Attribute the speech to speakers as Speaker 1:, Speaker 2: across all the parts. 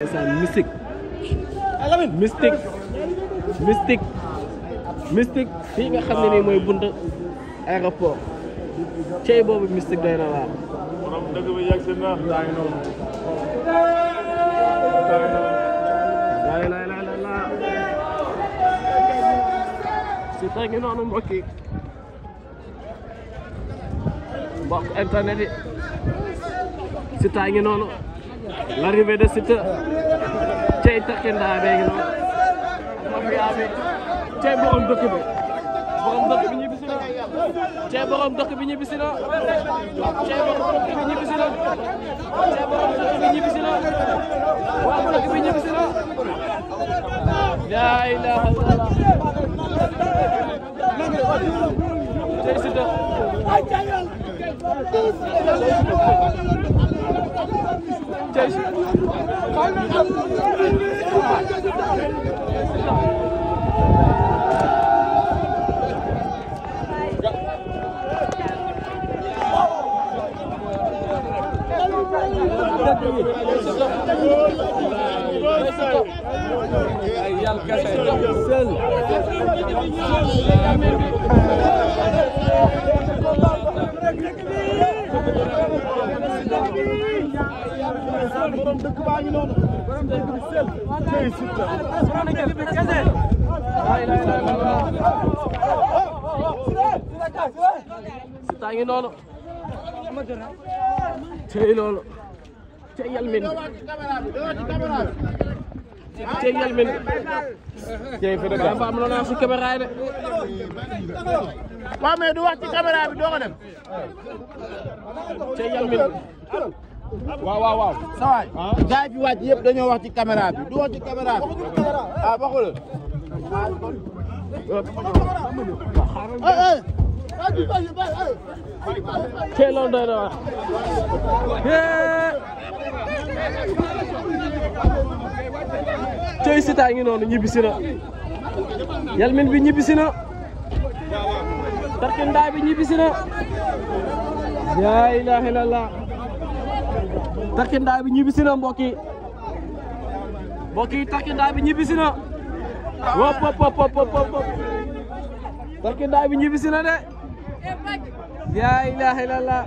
Speaker 1: ndeysaan mystique mystique mystique mystique fii nga ngi noonu lay lay lay la si ta ngi noonu mbokk yi mbokk internet yi si ngi noonu l'arrivée de Siteu cey takkindaa bee ngi noonu bi cey borom dëkk bi borom dëkk ñibbisi na cey borom dëkk ñibbisi na cey borom dëkk ñibbisi na laa ilaaha illallaah cey Siteu borom dëkk baa ngi noonu borom dëkk bi sel tey sutta borom dëkk bi kese sutta ngi noonu tey loolu tey yal min
Speaker 2: tey yal men
Speaker 1: tey fi dëgg dafa am lona ci caméra yi de waaw mais du wax ci caméra bi ah. wax ci caméra bi du wax ci caméra bi ah waxul tey loolu doy na wax cooy Siteu ngi noonu ñibbisi Yelmin bi ñibbisi na bi ñibbisi na laa ilaaha illallaah Tarkindaa bi ñibbisi na mbokk yi mbokk bi ñibbisi na wop wop wop wop bi ñibbisi na de laa ilaaha illallaah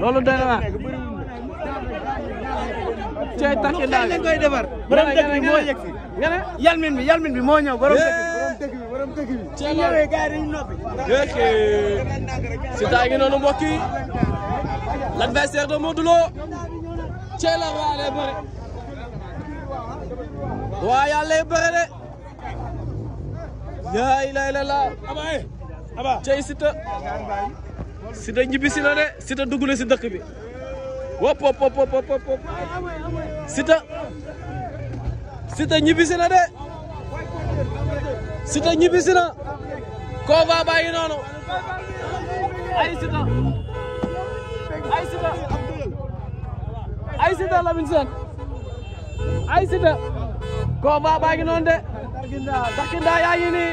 Speaker 1: loolu dana cey takki daal lañ koy defar borom dëkk bi moo yegsi nga ne yalmin bi yalmin bi moo ñëw borom dëkk bi borom dëkk bi noonu mbokk yi l'adversaire de Modou cey la waa lay bëre waa yàlla lay bëre de laa ilaaha illallaah eh, aba cey ñibbi si na de Siteu dugg na si dëkk bi wop wop wop wop wop wop Siteu Siteu ñibbisi de Siteu ñibbisi na combat baa ngi ay Siteu ay Siteu ay Siteu Lamine Sène ay Siteu combat baa ngi noonu de Darkinda yaa ngi nii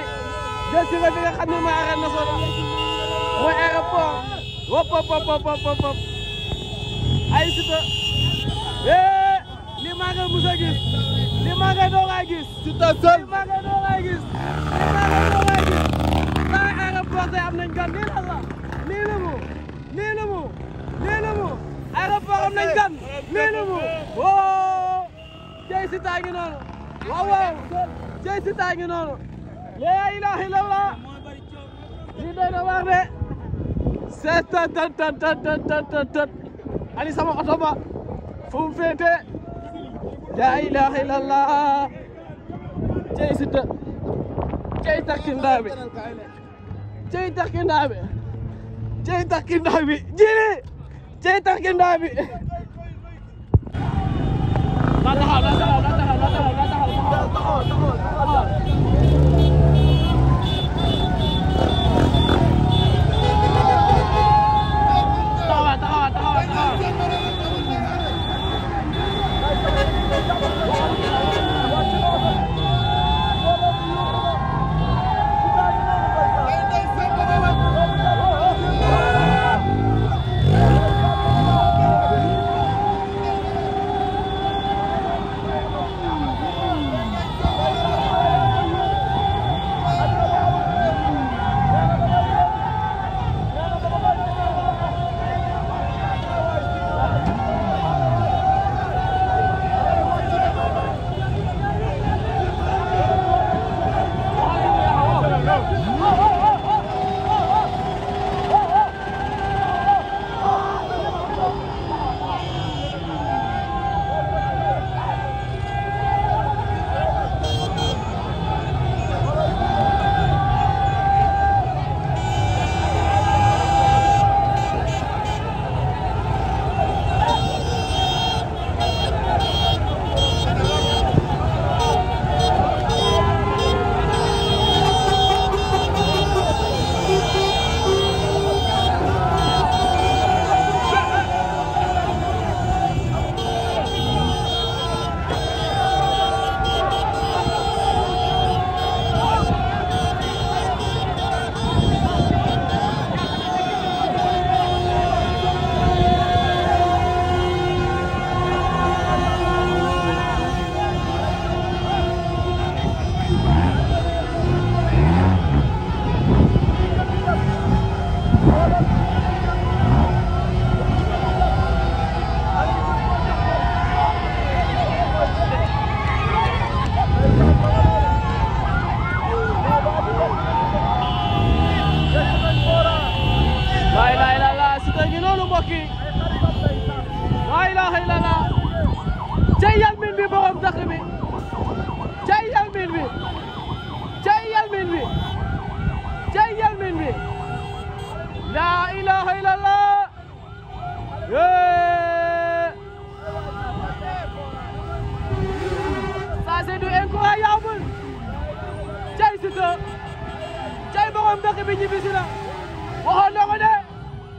Speaker 1: jël si ba fi nga xam ne mooy arène nationale wop wop wop wop wop wop ay Siteu eh li maa ngi mus a gis li maa ngi doog a gis. Siteu Seul li maa ngi doog a gis li maa ngi doog a gis. maa ngi aéroport porté am nañ gan nii lan la nii la mu nii la mu nii la mu aéroport am nañ gan nii la mu woo oh, jëy Siteu ngi noonu waaw waaw jëy Siteu ngi noonu laa ilaaha illallaah li doon wax de seet tan tan tan tan tan tan علي سما عطبا فوم فين لا اله الا الله جاي سته جاي تاكين دابي جاي تاكين دابي جاي تاكين دابي جيلي جاي تاكين دابي لا تهاو لا تهاو لا تهاو لا تهاو لا تهاو لا تهاو لا تهاو لا تهاو لا تهاو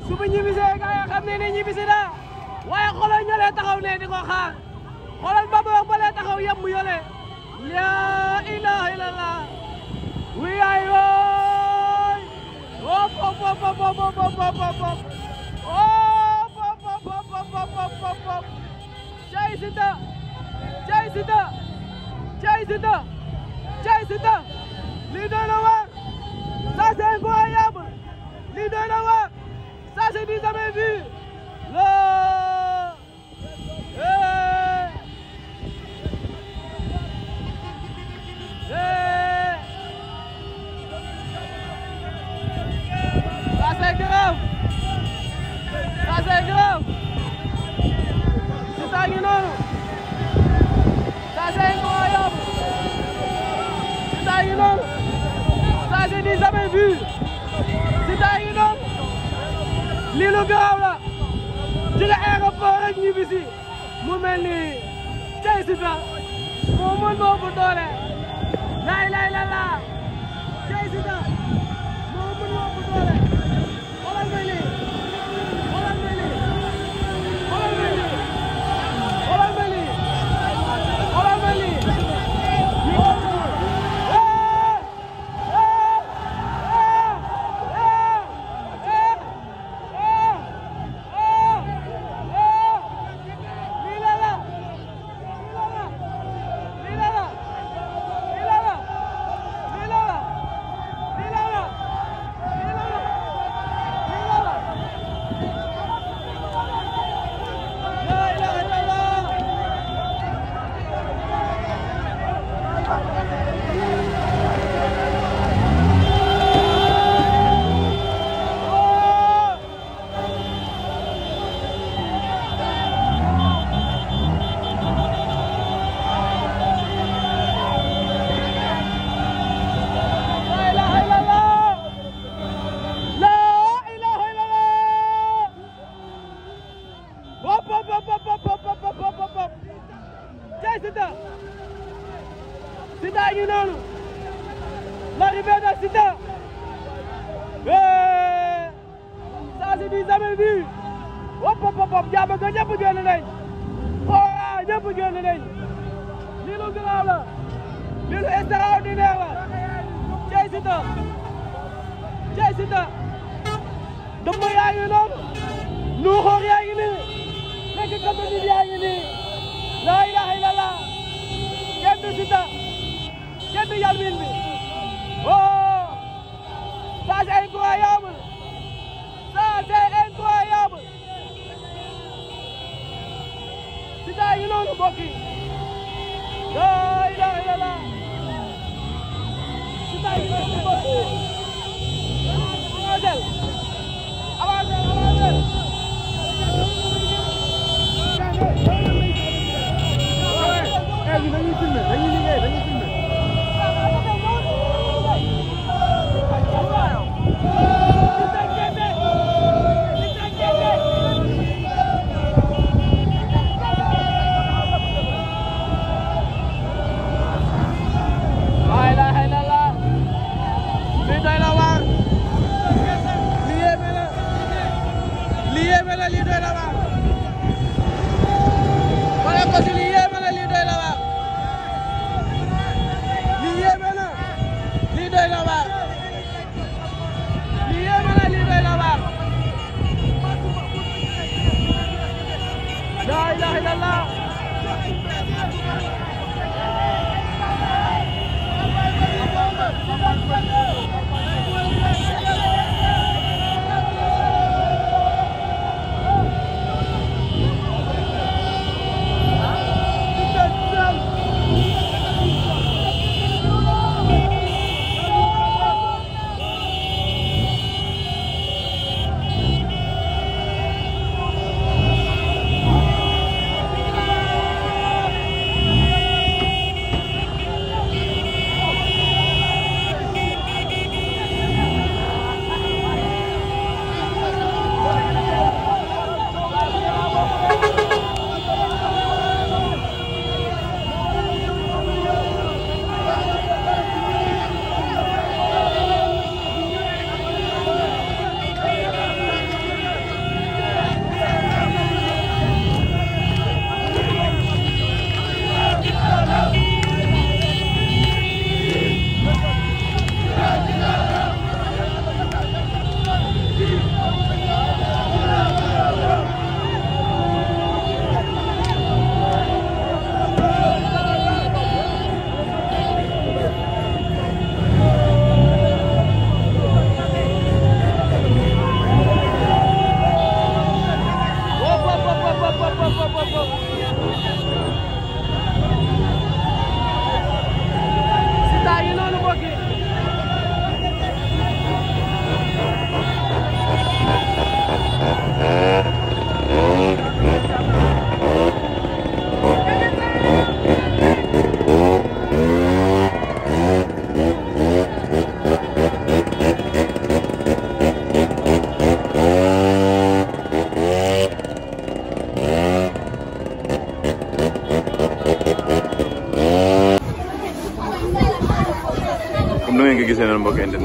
Speaker 1: su ma ñibbisee gaa yi xam ne ne ñibbisi na waaye xoolal taxaw ne di xaar xoolal ba boo ba taxaw yem yole laa ilaha illallah wiyaay wooy wop wop wop wop wop wop wop wop wop wop wop wop cay sita cay sita cay sita cay sita lii doon na war ça c'est incroyable lii doon na war Ça, c'est jamais vu. Eh. Eh. Ça, c'est grave. Ça, c'est grave. C'est ça Ça, c'est incroyable. C'est ça Ça, je jamais vu. lii lu gaaw la jóge aéroport ñibbisi mu mel ni tey Siteu moo mën moo bu doole laay laay la laa tey Siteu du jamais vu wop wop wop jàmm ko ñëpp génn nañ waaw ñëpp génn nañ lii lu garaaw la lii lu extraordinaire la cey Siteu cey Siteu dëmm yaa ngi noonu nuuxóor yaa ngi nii nekk kamba nit yaa ngi nii laa ilaaha illallah kenn du Siteu kenn du yalmin bi li yéeme la lii doy na waar ma ne li yéeme la lii doy na nga gisee noonu mbokk